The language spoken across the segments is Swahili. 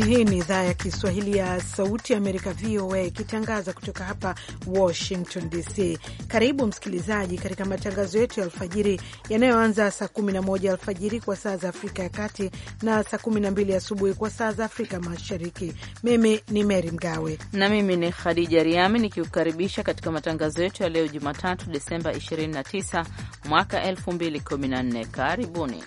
Hii ni idhaa ya Kiswahili ya Sauti ya Amerika, VOA, ikitangaza kutoka hapa Washington DC. Karibu msikilizaji katika matangazo yetu ya alfajiri yanayoanza saa 11 alfajiri kwa saa za Afrika ya Kati na saa 12 asubuhi kwa saa za Afrika Mashariki. Mimi ni mery Mgawe na mimi ni Khadija Riami nikikukaribisha katika matangazo yetu ya leo Jumatatu, Desemba 29 mwaka 2014. Karibuni.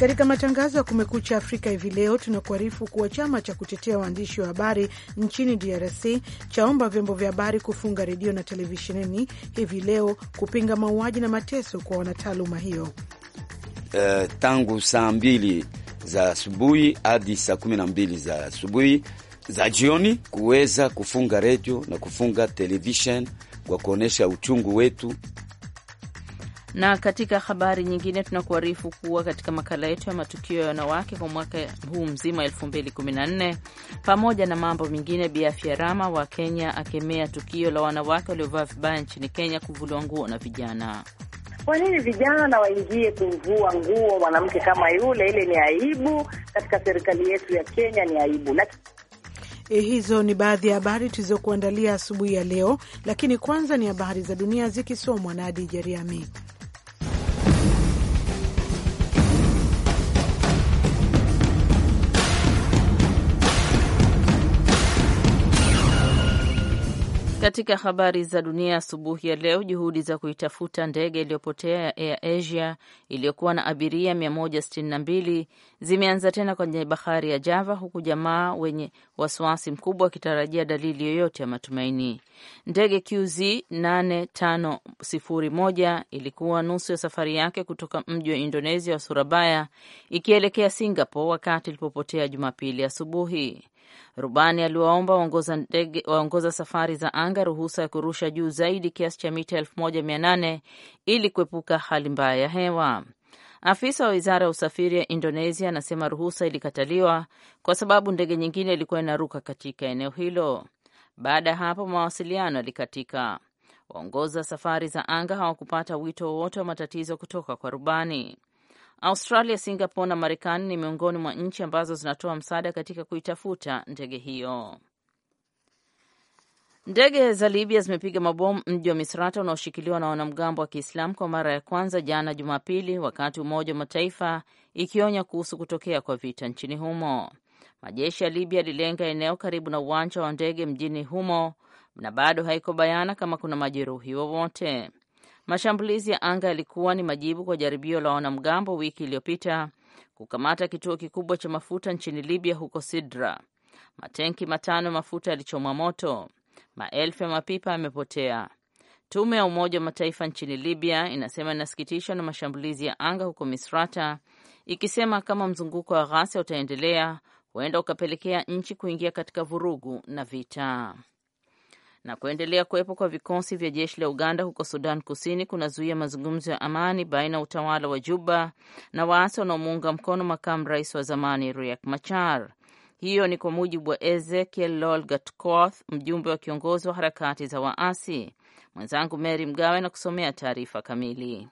Katika matangazo ya Kumekucha Afrika hivi leo, tunakuarifu kuwa chama cha kutetea waandishi wa habari nchini DRC chaomba vyombo vya habari kufunga redio na televisheni hivi leo kupinga mauaji na mateso kwa wanataaluma hiyo. Uh, tangu saa mbili za asubuhi hadi saa kumi na mbili za asubuhi za jioni kuweza kufunga redio na kufunga televishen kwa kuonyesha uchungu wetu na katika habari nyingine, tunakuarifu kuwa katika makala yetu ya matukio ya wanawake kwa mwaka huu mzima 2014 pamoja na mambo mengine, biafya Rama wa Kenya akemea tukio la wanawake waliovaa vibaya nchini Kenya kuvuliwa nguo na vijana. Kwa nini vijana waingie kuvua nguo mwanamke kama yule? Ile ni aibu, katika serikali yetu ya Kenya ni aibu. E, hizo ni baadhi ya habari tulizokuandalia asubuhi ya leo, lakini kwanza ni habari za dunia zikisomwa na Adi Jeriami. Katika habari za dunia asubuhi ya leo, juhudi za kuitafuta ndege iliyopotea ya Air Asia iliyokuwa na abiria 162 zimeanza tena kwenye bahari ya Java, huku jamaa wenye wasiwasi mkubwa wakitarajia dalili yoyote ya matumaini. Ndege QZ 8501 ilikuwa nusu ya safari yake kutoka mji wa Indonesia wa Surabaya ikielekea Singapore wakati ilipopotea Jumapili asubuhi. Rubani aliwaomba waongoza safari za anga ruhusa ya kurusha juu zaidi kiasi cha mita 1800 ili kuepuka hali mbaya ya hewa. Afisa wa wizara ya usafiri ya Indonesia anasema ruhusa ilikataliwa kwa sababu ndege nyingine ilikuwa inaruka katika eneo hilo. Baada ya hapo, mawasiliano yalikatika. Waongoza safari za anga hawakupata wito wowote wa matatizo kutoka kwa rubani. Australia, Singapore na Marekani ni miongoni mwa nchi ambazo zinatoa msaada katika kuitafuta ndege hiyo. Ndege za Libya zimepiga mabomu mji wa Misrata unaoshikiliwa na wanamgambo wa Kiislamu kwa mara ya kwanza jana Jumapili, wakati Umoja wa Mataifa ikionya kuhusu kutokea kwa vita nchini humo. Majeshi ya Libya yalilenga eneo karibu na uwanja wa ndege mjini humo, na bado haiko bayana kama kuna majeruhi wowote. Mashambulizi ya anga yalikuwa ni majibu kwa jaribio la wanamgambo wiki iliyopita kukamata kituo kikubwa cha mafuta nchini Libya, huko Sidra. Matenki matano ya mafuta yalichomwa moto, maelfu ya mapipa yamepotea. Tume ya Umoja wa Mataifa nchini Libya inasema inasikitishwa na mashambulizi ya anga huko Misrata, ikisema kama mzunguko wa ghasia utaendelea, huenda ukapelekea nchi kuingia katika vurugu na vita na kuendelea kuwepo kwa vikosi vya jeshi la Uganda huko Sudan Kusini kunazuia mazungumzo ya amani baina ya utawala wa Juba na waasi wanaomuunga mkono makamu rais wa zamani Riek Machar. Hiyo ni kwa mujibu wa Ezekiel Lolgatkoth, mjumbe wa kiongozi wa harakati za waasi. Mwenzangu Mary Mgawe na kusomea taarifa kamili.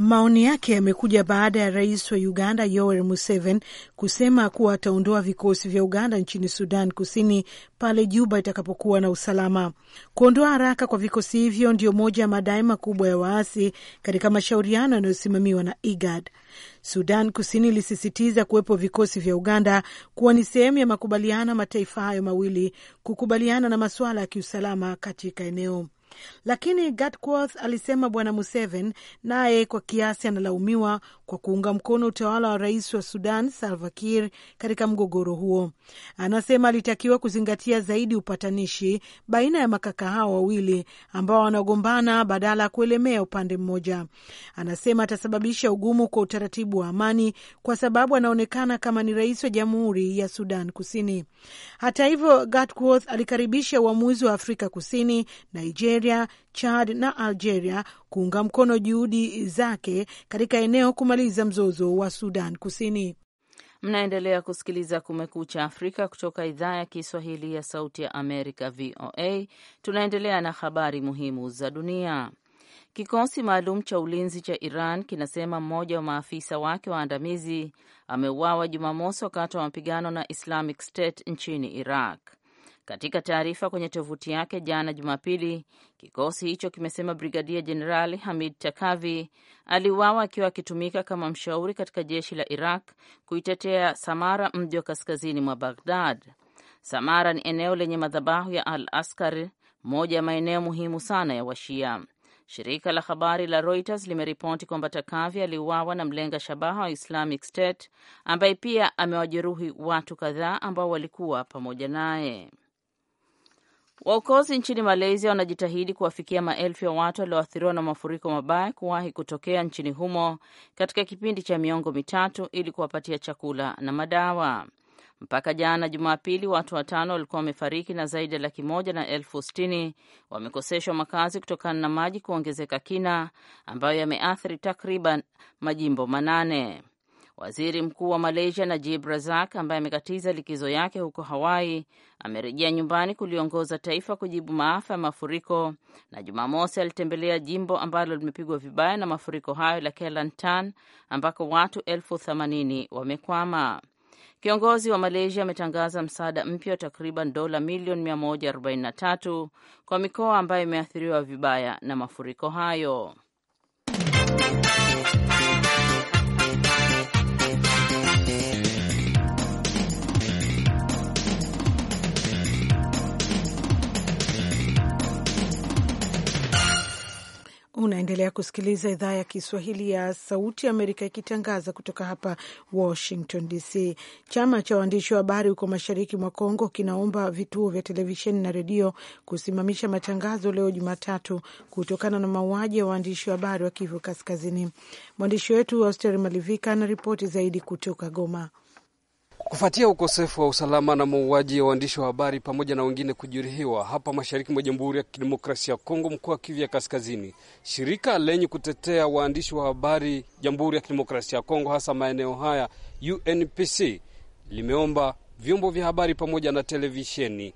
Maoni yake yamekuja baada ya rais wa Uganda Yoweri Museveni kusema kuwa ataondoa vikosi vya Uganda nchini Sudan Kusini pale Juba itakapokuwa na usalama. Kuondoa haraka kwa vikosi hivyo ndiyo moja ya madai makubwa ya waasi katika mashauriano yanayosimamiwa na IGAD. Sudan Kusini ilisisitiza kuwepo vikosi vya Uganda kuwa ni sehemu ya makubaliano mataifa hayo mawili kukubaliana na masuala ya kiusalama katika eneo. Lakini Gatworth alisema Bwana Museveni naye kwa kiasi analaumiwa kwa kuunga mkono utawala wa rais wa Sudan Salva Kiir katika mgogoro huo. Anasema alitakiwa kuzingatia zaidi upatanishi baina ya makaka hao wawili ambao wanagombana badala ya kuelemea upande mmoja. Anasema atasababisha ugumu kwa utaratibu wa amani kwa sababu anaonekana kama ni rais wa jamhuri ya Sudan Kusini. Hata hivyo, Gatworth alikaribisha uamuzi wa Afrika Kusini, Nigeria Nigeria, Chad na Algeria kuunga mkono juhudi zake katika eneo kumaliza mzozo wa Sudan Kusini. Mnaendelea kusikiliza Kumekucha Afrika kutoka idhaa ya Kiswahili ya Sauti ya Amerika, VOA. Tunaendelea na habari muhimu za dunia. Kikosi maalum cha ulinzi cha Iran kinasema mmoja wa maafisa wake waandamizi ameuawa Jumamosi wakati wa mapigano na Islamic State nchini Iraq. Katika taarifa kwenye tovuti yake jana Jumapili, kikosi hicho kimesema Brigadia Jenerali Hamid Takavi aliuawa akiwa akitumika kama mshauri katika jeshi la Iraq kuitetea Samara, mji wa kaskazini mwa Baghdad. Samara ni eneo lenye madhabahu ya Al Askar, moja ya maeneo muhimu sana ya Washia. Shirika la habari la Reuters limeripoti kwamba Takavi aliuawa na mlenga shabaha wa Islamic State ambaye pia amewajeruhi watu kadhaa ambao walikuwa pamoja naye. Waokozi nchini Malaysia wanajitahidi kuwafikia maelfu ya watu walioathiriwa na mafuriko mabaya kuwahi kutokea nchini humo katika kipindi cha miongo mitatu ili kuwapatia chakula na madawa. Mpaka jana Jumapili, watu watano walikuwa wamefariki na zaidi ya laki moja na elfu sitini wamekoseshwa makazi kutokana na maji kuongezeka kina ambayo yameathiri takriban majimbo manane. Waziri Mkuu wa Malaysia Najib Razak, ambaye amekatiza likizo yake huko Hawaii, amerejea nyumbani kuliongoza taifa kujibu maafa ya mafuriko, na Jumamosi alitembelea jimbo ambalo limepigwa vibaya na mafuriko hayo la Kelantan, ambako watu elfu themanini wamekwama. Kiongozi wa Malaysia ametangaza msaada mpya wa takriban dola milioni 143 kwa mikoa ambayo imeathiriwa vibaya na mafuriko hayo. Unaendelea kusikiliza idhaa ya Kiswahili ya Sauti Amerika ikitangaza kutoka hapa Washington DC. Chama cha waandishi wa habari huko mashariki mwa Kongo kinaomba vituo vya televisheni na redio kusimamisha matangazo leo Jumatatu kutokana na mauaji ya waandishi wa habari wa Kivu Kaskazini. Mwandishi wetu Auster Malivika ana ripoti zaidi kutoka Goma. Kufuatia ukosefu wa usalama na mauaji ya waandishi wa habari pamoja na wengine kujeruhiwa hapa mashariki mwa Jamhuri ya Kidemokrasia ya Kongo, mkoa wa Kivu ya Kaskazini, shirika lenye kutetea waandishi wa habari Jamhuri ya Kidemokrasia ya Kongo, hasa maeneo haya, UNPC limeomba vyombo vya habari pamoja na televisheni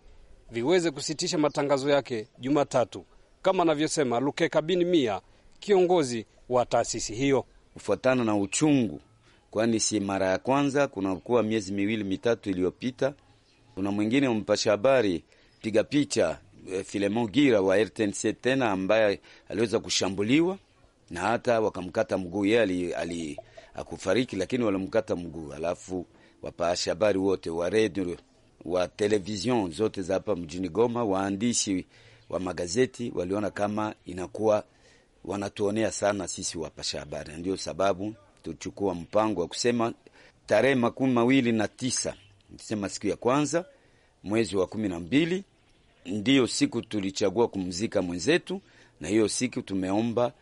viweze kusitisha matangazo yake Jumatatu, kama anavyosema luke bin Mia, kiongozi wa taasisi hiyo, kufuatana na uchungu kwani si mara ya kwanza, kunakuwa miezi miwili mitatu iliyopita. Kuna mwingine mpasha habari piga picha eh, Filemon Gira wa RTNC tena ambaye aliweza kushambuliwa na hata wakamkata mguu. Yeye ali, ali akufariki, lakini walimkata mguu. Alafu wapasha habari wote wa redio wa televizion zote za hapa mjini Goma, waandishi wa magazeti waliona kama inakuwa wanatuonea sana sisi wapasha habari, ndio sababu tuchukua mpango wa kusema tarehe makumi mawili na tisa sema siku ya kwanza mwezi wa kumi na mbili ndiyo siku tulichagua kumzika mwenzetu, na hiyo siku tumeomba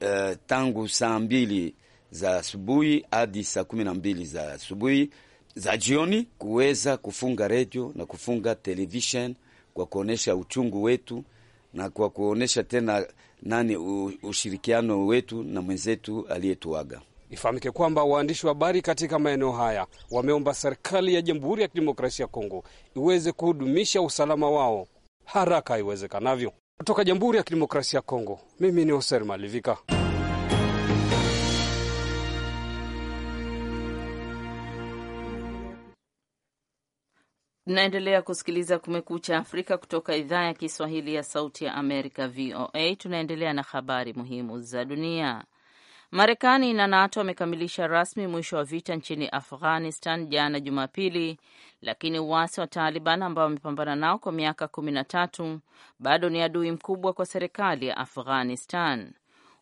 uh, tangu saa mbili za asubuhi hadi saa kumi na mbili za asubuhi za jioni kuweza kufunga redio na kufunga televishen kwa kuonyesha uchungu wetu na kwa kuonyesha tena nani ushirikiano wetu na mwenzetu aliyetuaga. Ifahamike kwamba waandishi wa habari katika maeneo haya wameomba serikali ya Jamhuri ya Kidemokrasia ya Kongo iweze kuhudumisha usalama wao haraka iwezekanavyo. Kutoka Jamhuri ya Kidemokrasia ya Kongo, mimi ni Hoser Malivika. Tunaendelea kusikiliza Kumekucha Afrika kutoka idhaa ya Kiswahili ya Sauti ya Amerika, VOA. Tunaendelea na habari muhimu za dunia. Marekani na NATO wamekamilisha rasmi mwisho wa vita nchini Afghanistan jana Jumapili, lakini uasi wa Taliban ambao wamepambana nao kwa miaka kumi na tatu bado ni adui mkubwa kwa serikali ya Afghanistan.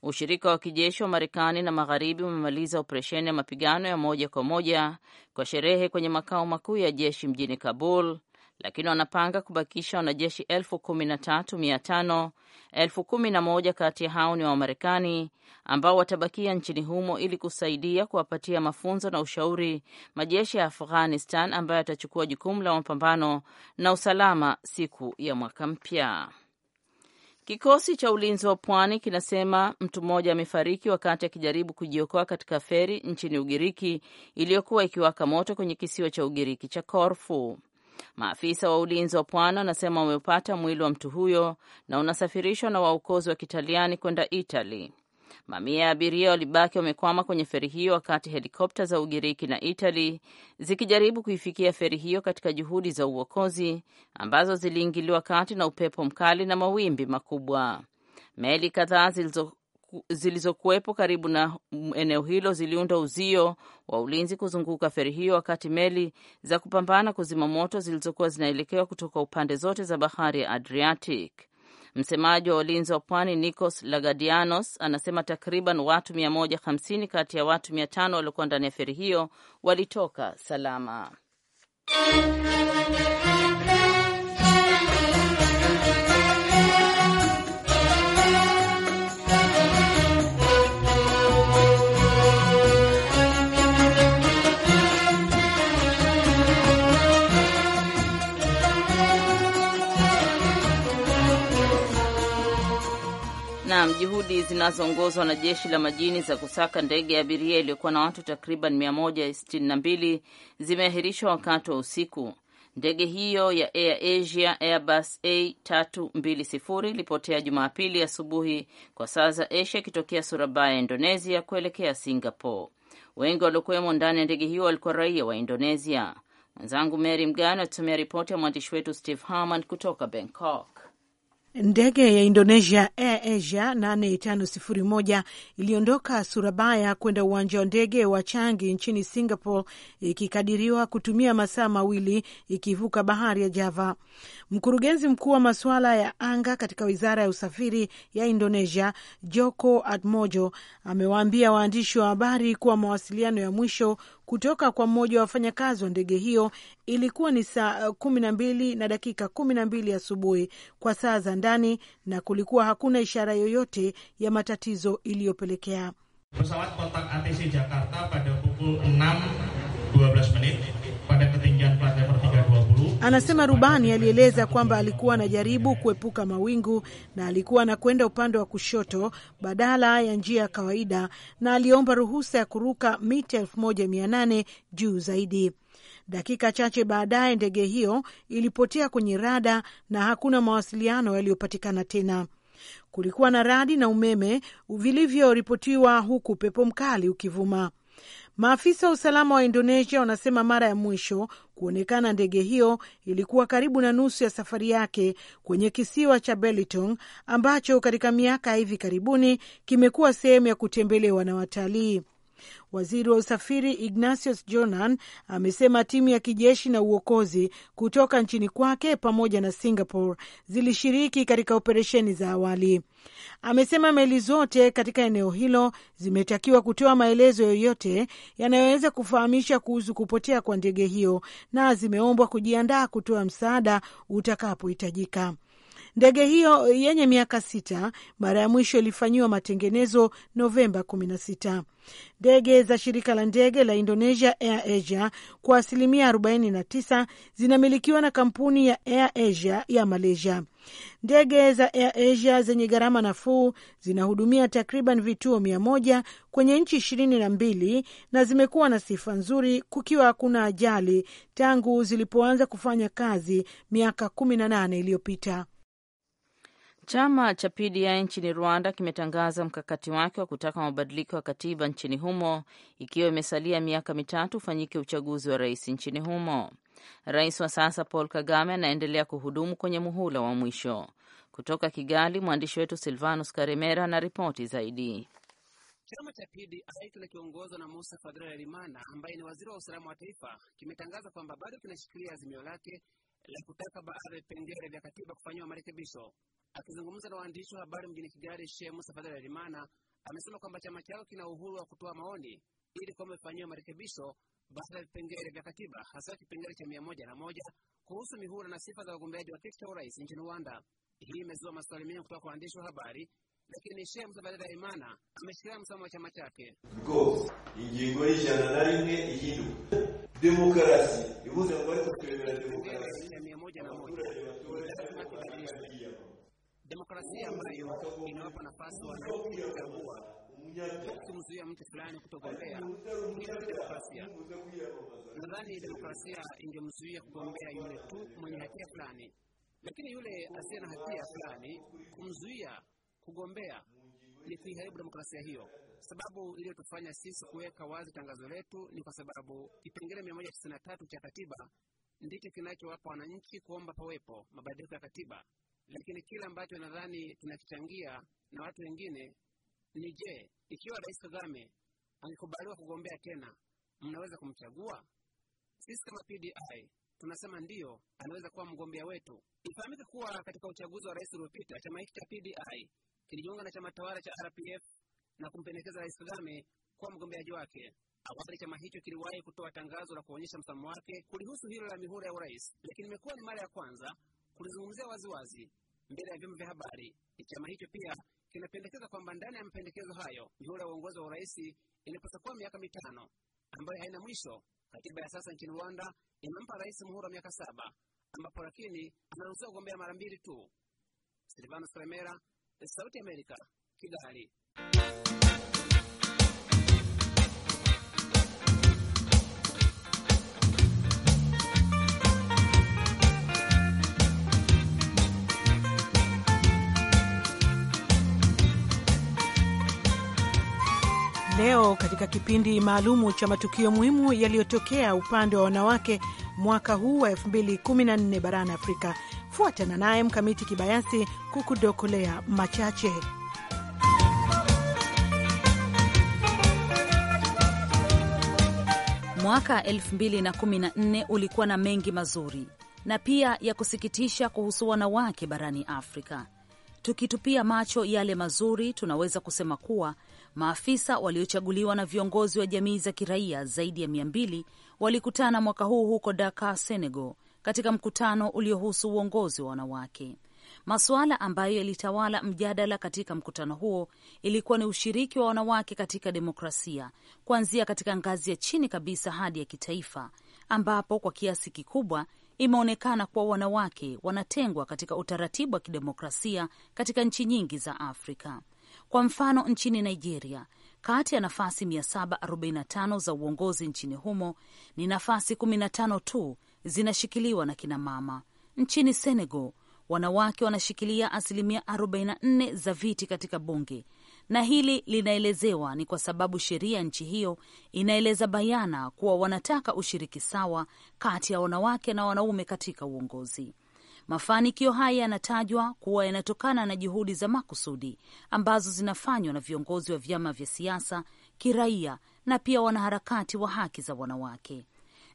Ushirika wa kijeshi wa Marekani na Magharibi umemaliza operesheni ya mapigano ya moja kwa moja kwa sherehe kwenye makao makuu ya jeshi mjini Kabul lakini wanapanga kubakisha wanajeshi elfu kumi na tatu mia tano. Elfu kumi na moja kati ya hao ni Wamarekani ambao watabakia nchini humo ili kusaidia kuwapatia mafunzo na ushauri majeshi ya Afghanistan ambayo yatachukua jukumu la mapambano na usalama siku ya mwaka mpya. Kikosi cha ulinzi wa pwani kinasema mtu mmoja amefariki wakati akijaribu kujiokoa katika feri nchini Ugiriki iliyokuwa ikiwaka moto kwenye kisiwa cha Ugiriki cha Korfu. Maafisa wa ulinzi wa pwani wanasema wameupata mwili wa mtu huyo na unasafirishwa na waokozi wa Kitaliani kwenda Itali. Mamia ya abiria walibaki wamekwama kwenye feri hiyo wakati helikopta za Ugiriki na Itali zikijaribu kuifikia feri hiyo katika juhudi za uokozi ambazo ziliingiliwa kati na upepo mkali na mawimbi makubwa. Meli kadhaa zilizo zilizokuwepo karibu na eneo hilo ziliunda uzio wa ulinzi kuzunguka feri hiyo, wakati meli za kupambana kuzima moto zilizokuwa zinaelekewa kutoka upande zote za bahari ya Adriatic. Msemaji wa ulinzi wa pwani Nikos Lagadianos anasema takriban watu 150 kati ya watu 500 waliokuwa ndani ya feri hiyo walitoka salama. Naam, juhudi zinazoongozwa na jeshi la majini za kusaka ndege ya abiria iliyokuwa na watu takriban 162 zimeahirishwa wakati wa usiku. Ndege hiyo ya Air Asia Airbus A320 ilipotea Jumapili asubuhi kwa saa za Asia ikitokea Surabaya, Indonesia, kuelekea Singapore. Wengi waliokuwemo ndani ya ndege hiyo walikuwa raia wa Indonesia. Mwenzangu Mary Mgano atusomea ripoti ya mwandishi wetu Steve Harman kutoka Bangkok. Ndege ya Indonesia Air Asia 8501 iliondoka Surabaya kwenda uwanja wa ndege wa Changi nchini Singapore ikikadiriwa kutumia masaa mawili ikivuka bahari ya Java. Mkurugenzi mkuu wa masuala ya anga katika wizara ya usafiri ya Indonesia, Joko Atmojo, amewaambia waandishi wa habari kuwa mawasiliano ya mwisho kutoka kwa mmoja wa wafanyakazi wa ndege hiyo ilikuwa ni saa eh, kumi na mbili na dakika kumi na mbili asubuhi kwa saa za ndani, na kulikuwa hakuna ishara yoyote ya matatizo iliyopelekea pesawat kotak ATC Jakarta pada pukul 6 belas menit pada ketinggian Anasema rubani alieleza kwamba alikuwa anajaribu kuepuka mawingu na alikuwa anakwenda upande wa kushoto badala ya njia ya kawaida, na aliomba ruhusa ya kuruka mita 1800 juu zaidi. Dakika chache baadaye ndege hiyo ilipotea kwenye rada na hakuna mawasiliano yaliyopatikana tena. Kulikuwa na radi na umeme vilivyoripotiwa huku pepo mkali ukivuma. Maafisa wa usalama wa Indonesia wanasema mara ya mwisho kuonekana ndege hiyo ilikuwa karibu na nusu ya safari yake kwenye kisiwa cha Belitung ambacho katika miaka ya hivi karibuni kimekuwa sehemu ya kutembelewa na watalii. Waziri wa usafiri Ignatius Jonan amesema timu ya kijeshi na uokozi kutoka nchini kwake pamoja na Singapore zilishiriki katika operesheni za awali. Amesema meli zote katika eneo hilo zimetakiwa kutoa maelezo yoyote yanayoweza kufahamisha kuhusu kupotea kwa ndege hiyo na zimeombwa kujiandaa kutoa msaada utakapohitajika. Ndege hiyo yenye miaka sita mara ya mwisho ilifanyiwa matengenezo Novemba 16. Ndege za shirika la ndege la Indonesia Air Asia kwa asilimia 49 zinamilikiwa na kampuni ya Air Asia ya Malaysia. Ndege za Air Asia zenye gharama nafuu zinahudumia takriban vituo mia moja kwenye nchi ishirini na mbili na zimekuwa na sifa nzuri, kukiwa hakuna ajali tangu zilipoanza kufanya kazi miaka kumi na nane iliyopita. Chama cha PDI nchini Rwanda kimetangaza mkakati wake wa kutaka mabadiliko ya katiba nchini humo ikiwa imesalia miaka mitatu ufanyike uchaguzi wa rais nchini humo. Rais wa sasa Paul Kagame anaendelea kuhudumu kwenye muhula wa mwisho. Kutoka Kigali, mwandishi wetu Silvanus Karemera na ripoti zaidi. Chama cha PDI kinachoongozwa na Musa Fadhila ambaye ni waziri wa usalama wa taifa kimetangaza kwamba bado kinashikilia azimio lake la kutaka baadhi ya vipengele vya katiba kufanyiwa marekebisho. Akizungumza na waandishi wa habari mjini Kigali, Sheikh Musa Fadhili Harerimana amesema kwamba chama chao kina uhuru wa kutoa maoni ili kwamba ifanyiwe marekebisho baadhi ya vipengele vya katiba, hasa kipengele cha mia moja na moja kuhusu mihula na sifa za wagombeaji wa kiti cha urais nchini Rwanda. Hii imezua maswali mengi kutoka kwa waandishi wa habari, lakini Sheikh Musa Fadhili Harerimana ameshikilia msimamo wa chama chake. ingingo y'ijana na rimwe ihinduka demokrasi ivuze ngo ariko twemera demokrasi demokrasia ambayo inawapa nafasi wananchi kuchagua, mtu fulani kutogombea. demokrasia. Nadhani demokrasia ingemzuia kugombea yule tu mwenye hatia fulani, lakini yule asiye na hatia fulani kumzuia kugombea ni kuiharibu demokrasia hiyo. Sababu iliyotufanya sisi kuweka wazi tangazo letu ni kwa sababu kipengele 193 cha katiba ndicho kinachowapa wananchi kuomba pawepo mabadiliko ya katiba, lakini kile ambacho nadhani tunakichangia na watu wengine ni je, ikiwa Rais Kagame angekubaliwa kugombea tena, mnaweza kumchagua? Sisi kama PDI tunasema ndiyo, anaweza kuwa mgombea wetu. Ifahamike kuwa katika uchaguzi wa rais uliopita chama hiki cha PDI kilijiunga na chama tawala cha RPF na kumpendekeza rais Kagame kuwa mgombeaji wake. Awali chama hicho kiliwahi kutoa tangazo la kuonyesha msimamo wake kulihusu hilo la mihula ya urais, lakini imekuwa ni mara ya kwanza kulizungumzia waziwazi mbele ya vyombo vya habari. Chama hicho pia kinapendekeza kwamba ndani ya mapendekezo hayo mihula ya uongozi wa urais inapaswa kuwa miaka mitano ambayo haina mwisho. Katiba ya sasa nchini Rwanda inampa rais muhula wa miaka saba ambapo lakini anaruhusiwa kugombea mara mbili tu. Silvano Sremera, Sauti Amerika, Kigali. leo katika kipindi maalumu cha matukio muhimu yaliyotokea upande wa wanawake mwaka huu wa 2014 barani Afrika. Fuatana naye Mkamiti Kibayasi kukudokolea machache. Mwaka 2014 ulikuwa na mengi mazuri na pia ya kusikitisha kuhusu wanawake barani Afrika. Tukitupia macho yale mazuri, tunaweza kusema kuwa Maafisa waliochaguliwa na viongozi wa jamii za kiraia zaidi ya mia mbili walikutana mwaka huu huko Dakar, Senegal, katika mkutano uliohusu uongozi wa wanawake. Masuala ambayo yalitawala mjadala katika mkutano huo ilikuwa ni ushiriki wa wanawake katika demokrasia, kuanzia katika ngazi ya chini kabisa hadi ya kitaifa, ambapo kwa kiasi kikubwa imeonekana kuwa wanawake wanatengwa katika utaratibu wa kidemokrasia katika nchi nyingi za Afrika. Kwa mfano, nchini Nigeria, kati ya nafasi 745 za uongozi nchini humo ni nafasi 15 tu zinashikiliwa na kinamama. Nchini Senegal, wanawake wanashikilia asilimia 44 za viti katika bunge, na hili linaelezewa ni kwa sababu sheria nchi hiyo inaeleza bayana kuwa wanataka ushiriki sawa kati ya wanawake na wanaume katika uongozi. Mafanikio haya yanatajwa kuwa yanatokana na juhudi za makusudi ambazo zinafanywa na viongozi wa vyama vya siasa, kiraia na pia wanaharakati wa haki za wanawake.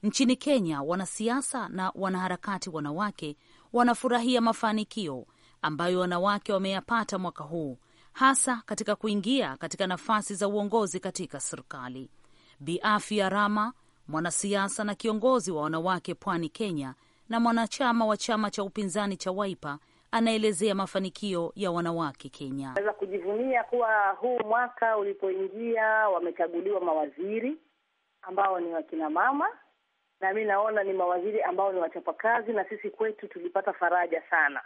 Nchini Kenya, wanasiasa na wanaharakati wanawake wanafurahia mafanikio ambayo wanawake wameyapata mwaka huu, hasa katika kuingia katika nafasi za uongozi katika serikali. Biafia Rama, mwanasiasa na kiongozi wa wanawake pwani Kenya, na mwanachama wa chama cha upinzani cha waipa anaelezea mafanikio ya wanawake Kenya. Naweza kujivunia kuwa huu mwaka ulipoingia, wamechaguliwa mawaziri ambao ni wakina mama, na mi naona ni mawaziri ambao ni wachapakazi, na sisi kwetu tulipata faraja sana,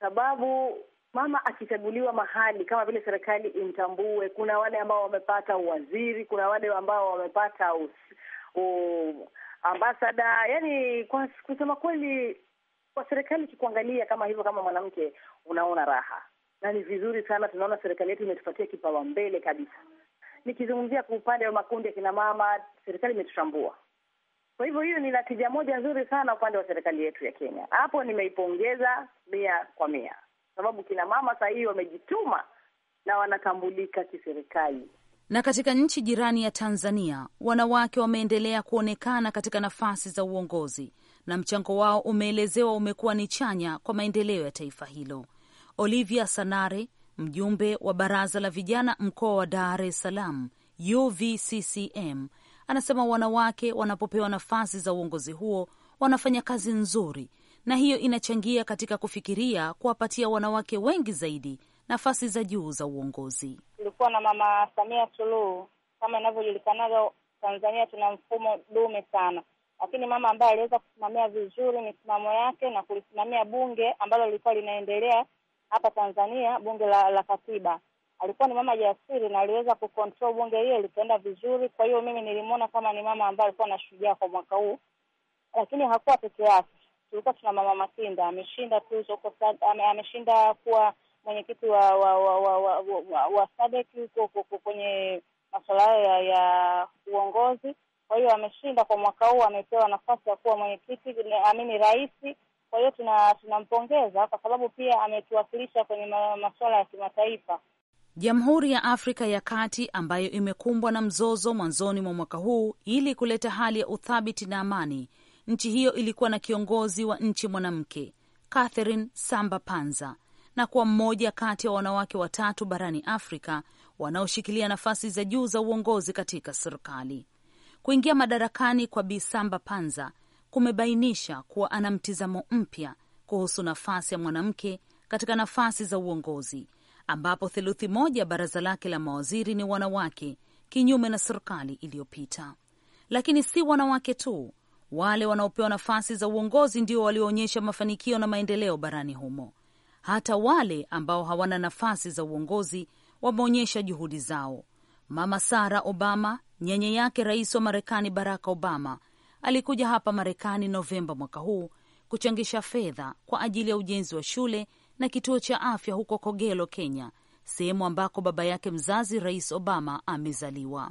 sababu mama akichaguliwa mahali kama vile serikali imtambue. Kuna wale ambao wamepata uwaziri, kuna wale ambao wamepata us, u, ambasada. Yani kwa kusema kweli, kwa serikali ikikuangalia kama hivyo, kama mwanamke unaona raha, na ni vizuri sana. Tunaona serikali yetu imetupatia kipawa mbele kabisa. Nikizungumzia kwa upande wa makundi ya kina mama, serikali imetutambua kwa hivyo hiyo ni natija moja nzuri sana upande wa serikali yetu ya Kenya. Hapo nimeipongeza mia kwa mia, sababu kina mama sasa wamejituma na wanatambulika kiserikali. Na katika nchi jirani ya Tanzania, wanawake wameendelea kuonekana katika nafasi za uongozi na mchango wao umeelezewa umekuwa ni chanya kwa maendeleo ya taifa hilo. Olivia Sanare, mjumbe wa baraza la vijana mkoa wa Dar es Salaam UVCCM, anasema wanawake wanapopewa nafasi za uongozi huo wanafanya kazi nzuri, na hiyo inachangia katika kufikiria kuwapatia wanawake wengi zaidi nafasi za juu za uongozi. Tulikuwa na Mama Samia Suluhu, kama inavyojulikanaga Tanzania tuna mfumo dume sana, lakini mama ambaye aliweza kusimamia vizuri misimamo yake na kulisimamia bunge ambalo lilikuwa linaendelea hapa Tanzania, bunge la, la katiba alikuwa ni mama jasiri na aliweza ku bunge hiyo likaenda vizuri. Kwa hiyo mimi nilimwona kama ni mama ambaye alikuwa na shujaa kwa mwaka huu, lakini hakuwa peke yake. Tulikuwa tuna mama Makinda ameshinda tuzo, ameshinda kuwa mwenyekiti wa wa wa wa, wa, wa, wa, wa SADC huko kwenye masuala hayo ya uongozi. Kwa hiyo ameshinda kwa mwaka huu, amepewa nafasi ya kuwa mwenyekiti amini rais. Kwa hiyo tuna tunampongeza kwa sababu pia ametuwakilisha kwenye masuala ya kimataifa. Jamhuri ya Afrika ya Kati ambayo imekumbwa na mzozo mwanzoni mwa mwaka huu, ili kuleta hali ya uthabiti na amani, nchi hiyo ilikuwa na kiongozi wa nchi mwanamke Catherine Samba Panza na kuwa mmoja kati ya wanawake watatu barani Afrika wanaoshikilia nafasi za juu za uongozi katika serikali. Kuingia madarakani kwa Bisamba Panza kumebainisha kuwa ana mtizamo mpya kuhusu nafasi ya mwanamke katika nafasi za uongozi, ambapo theluthi moja ya baraza lake la mawaziri ni wanawake, kinyume na serikali iliyopita. Lakini si wanawake tu; wale wanaopewa nafasi za uongozi ndio walioonyesha mafanikio na maendeleo barani humo. Hata wale ambao hawana nafasi za uongozi wameonyesha juhudi zao. Mama sara Obama, nyenye yake rais wa Marekani Barack Obama, alikuja hapa Marekani Novemba mwaka huu kuchangisha fedha kwa ajili ya ujenzi wa shule na kituo cha afya huko Kogelo, Kenya, sehemu ambako baba yake mzazi Rais Obama amezaliwa.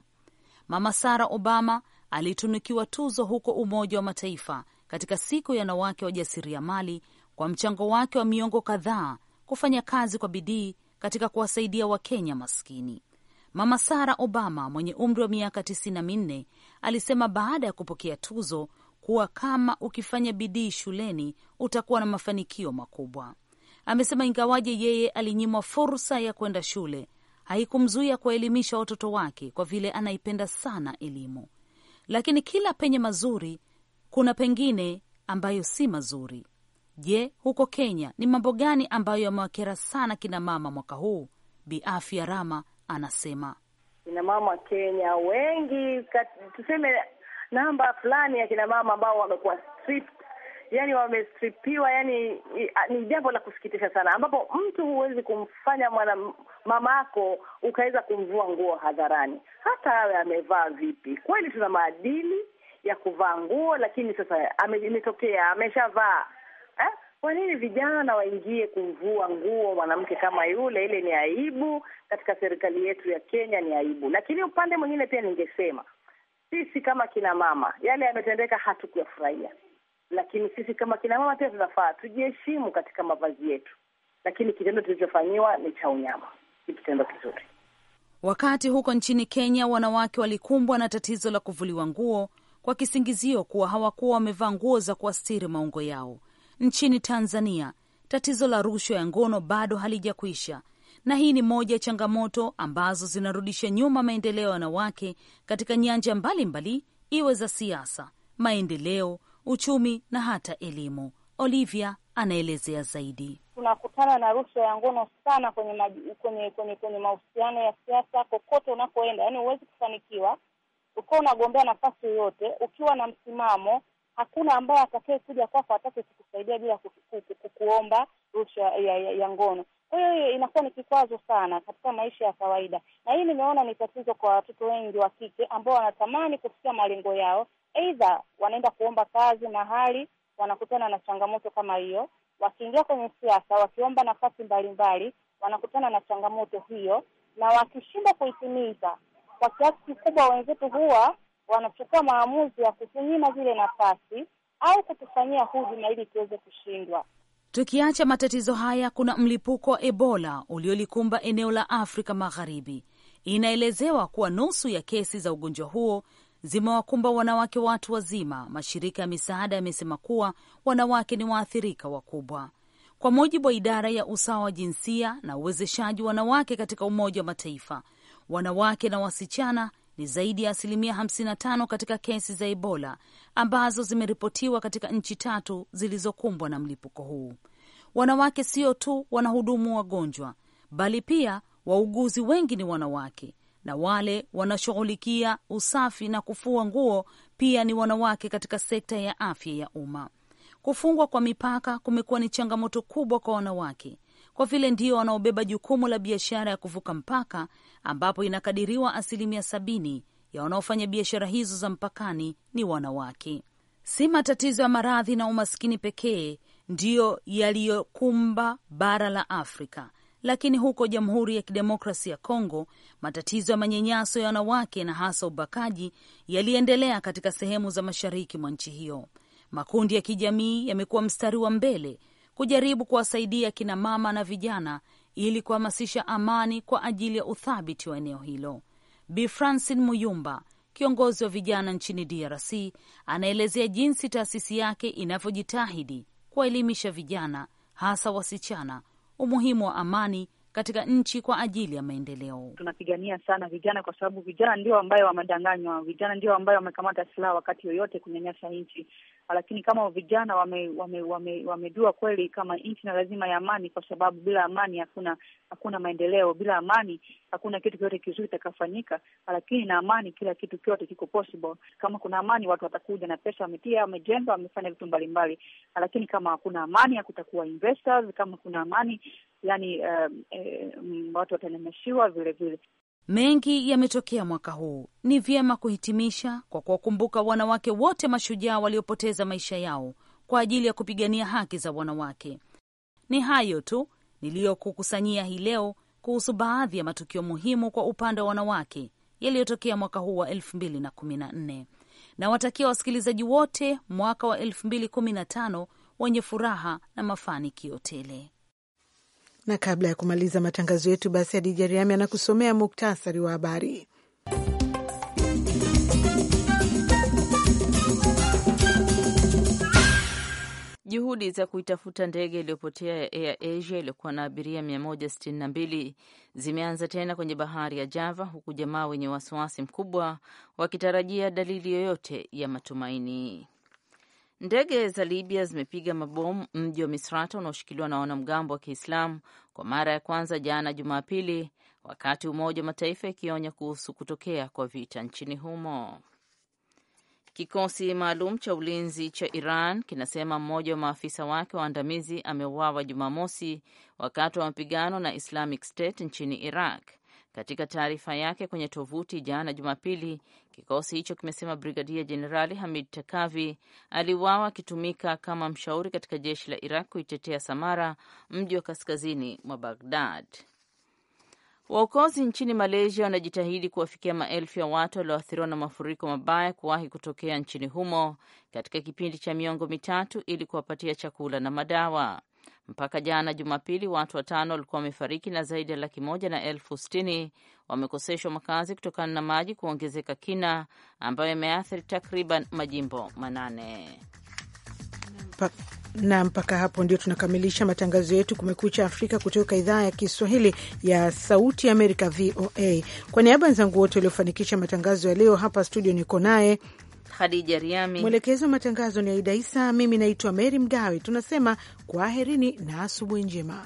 Mama sara Obama alitunukiwa tuzo huko Umoja wa Mataifa katika siku ya wanawake wajasiriamali kwa mchango wake wa miongo kadhaa kufanya kazi kwa bidii katika kuwasaidia Wakenya maskini. Mama Sara Obama mwenye umri wa miaka tisini na minne alisema baada ya kupokea tuzo kuwa kama ukifanya bidii shuleni utakuwa na mafanikio makubwa. Amesema ingawaje yeye alinyimwa fursa ya kwenda shule, haikumzuia kuwaelimisha watoto wake kwa vile anaipenda sana elimu. Lakini kila penye mazuri kuna pengine ambayo si mazuri. Je, huko Kenya ni mambo gani ambayo yamewakera sana kinamama mwaka huu? biafya Rama anasema kinamama Kenya wengi kat, tuseme namba fulani ya kinamama ambao wamekuwa yani wamestripiwa, yani ni jambo la kusikitisha sana, ambapo mtu huwezi kumfanya mwana mamako ukaweza kumvua nguo hadharani, hata awe amevaa vipi. Kweli tuna maadili ya kuvaa nguo, lakini sasa ame, imetokea ameshavaa kwa nini vijana waingie kumvua nguo mwanamke kama yule? Ile ni aibu katika serikali yetu ya Kenya, ni aibu. Lakini upande mwingine pia ningesema sisi kama kina mama, yale yametendeka, hatukuyafurahia, lakini sisi kama kina mama pia tunafaa tujiheshimu katika mavazi yetu, lakini kitendo tulichofanyiwa ni cha unyama, si kitendo kizuri. Wakati huko nchini Kenya wanawake walikumbwa na tatizo la kuvuliwa nguo kwa kisingizio kuwa hawakuwa wamevaa nguo za kuastiri maungo yao. Nchini Tanzania, tatizo la rushwa ya ngono bado halijakwisha, na hii ni moja ya changamoto ambazo zinarudisha nyuma maendeleo ya wanawake katika nyanja mbalimbali mbali, iwe za siasa, maendeleo, uchumi na hata elimu. Olivia anaelezea zaidi. Tunakutana na rushwa ya ngono sana kwenye kwenye kwenye kwenye mahusiano ya siasa, kokote unakoenda, yaani huwezi kufanikiwa ukiwa unagombea nafasi yoyote, ukiwa na msimamo hakuna ambaye atakaye kuja kwako atake kukusaidia bila kukuomba rushwa ya, ya, ya ngono. Kwa hiyo inakuwa ni kikwazo sana katika maisha ya kawaida, na hii nimeona ni tatizo kwa watoto wengi wa kike ambao wanatamani kufikia malengo yao, aidha wanaenda kuomba kazi mahali wanakutana na changamoto kama hiyo, wakiingia kwenye siasa wakiomba nafasi mbalimbali wanakutana na changamoto hiyo, na wakishindwa kuitimiza kwa kiasi kikubwa wenzetu huwa wanachukua maamuzi ya kutunyima zile nafasi au kutufanyia hujuma ili tuweze kushindwa. Tukiacha matatizo haya, kuna mlipuko wa Ebola uliolikumba eneo la Afrika Magharibi. Inaelezewa kuwa nusu ya kesi za ugonjwa huo zimewakumba wanawake watu wazima. Mashirika ya misaada yamesema kuwa wanawake ni waathirika wakubwa. Kwa mujibu wa idara ya usawa wa jinsia na uwezeshaji wanawake katika Umoja wa Mataifa, wanawake na wasichana ni zaidi ya asilimia 55 katika kesi za Ebola ambazo zimeripotiwa katika nchi tatu zilizokumbwa na mlipuko huu. Wanawake sio tu wanahudumu wagonjwa, bali pia wauguzi wengi ni wanawake, na wale wanashughulikia usafi na kufua nguo pia ni wanawake katika sekta ya afya ya umma. Kufungwa kwa mipaka kumekuwa ni changamoto kubwa kwa wanawake kwa vile ndio wanaobeba jukumu la biashara ya kuvuka mpaka, ambapo inakadiriwa asilimia sabini ya wanaofanya biashara hizo za mpakani ni wanawake. Si matatizo ya maradhi na umaskini pekee ndiyo yaliyokumba bara la Afrika, lakini huko Jamhuri ya Kidemokrasi ya Kongo matatizo ya manyanyaso ya wanawake na hasa ubakaji yaliendelea katika sehemu za mashariki mwa nchi hiyo. Makundi ya kijamii yamekuwa mstari wa mbele kujaribu kuwasaidia kina mama na vijana ili kuhamasisha amani kwa ajili ya uthabiti wa eneo hilo. Bi Francin Muyumba, kiongozi wa vijana nchini DRC, anaelezea jinsi taasisi yake inavyojitahidi kuwaelimisha vijana, hasa wasichana, umuhimu wa amani katika nchi kwa ajili ya maendeleo. Tunapigania sana vijana, kwa sababu vijana ndio ambayo wamedanganywa, vijana ndio ambayo wamekamata silaha wakati yoyote kunyanyasa nchi, lakini kama vijana wamejua wame, wame, wame kweli kama nchi na lazima ya amani, kwa sababu bila amani hakuna hakuna maendeleo, bila amani hakuna kitu kiote kizuri kitakafanyika, lakini na amani kila kitu kyote kiko possible. Kama kuna amani, watu watakuja na pesa, wametia, wamejenga, wamefanya vitu mbalimbali, lakini kama hakuna amani hakutakuwa investors, kama kuna amani yani, um, e, watu watanemeshiwa vile vile. Mengi yametokea mwaka huu. Ni vyema kuhitimisha kwa kuwakumbuka wanawake wote mashujaa waliopoteza maisha yao kwa ajili ya kupigania haki za wanawake. Ni hayo tu niliyokukusanyia hii leo kuhusu baadhi ya matukio muhimu kwa upande wa wanawake yaliyotokea mwaka huu wa 2014. Nawatakia wasikilizaji wote mwaka wa 2015 wenye furaha na mafanikio tele na kabla ya kumaliza matangazo yetu, basi Adija Riami anakusomea muktasari wa habari. Juhudi za kuitafuta ndege iliyopotea ya Air Asia iliyokuwa na abiria 162 zimeanza tena kwenye bahari ya Java, huku jamaa wenye wasiwasi mkubwa wakitarajia dalili yoyote ya matumaini. Ndege za Libya zimepiga mabomu mji wa Misrata unaoshikiliwa na wanamgambo wa Kiislamu kwa mara ya kwanza jana Jumapili, wakati Umoja wa Mataifa ikionya kuhusu kutokea kwa vita nchini humo. Kikosi maalum cha ulinzi cha Iran kinasema mmoja wa maafisa wake waandamizi ameuawa Jumamosi wakati wa mapigano na Islamic State nchini Iraq, katika taarifa yake kwenye tovuti jana Jumapili, kikosi hicho kimesema Brigadia Jenerali Hamid Takavi aliuawa akitumika kama mshauri katika jeshi la Iraq kuitetea Samara, mji wa kaskazini mwa Bagdad. Waokozi nchini Malaysia wanajitahidi kuwafikia maelfu ya watu walioathiriwa na mafuriko mabaya kuwahi kutokea nchini humo katika kipindi cha miongo mitatu ili kuwapatia chakula na madawa. Mpaka jana Jumapili, watu watano walikuwa wamefariki na zaidi ya laki moja na elfu sitini wamekoseshwa makazi kutokana na maji kuongezeka kina ambayo yameathiri takriban majimbo manane pa na mpaka hapo ndio tunakamilisha matangazo yetu Kumekucha Afrika kutoka idhaa ya Kiswahili ya Sauti Amerika, VOA. Kwa niaba wenzangu wote waliofanikisha matangazo ya leo, hapa studio niko naye Hadija Riami, mwelekezi wa matangazo ni Aida Isa, mimi naitwa Meri Mgawe. Tunasema kwaherini na asubuhi njema.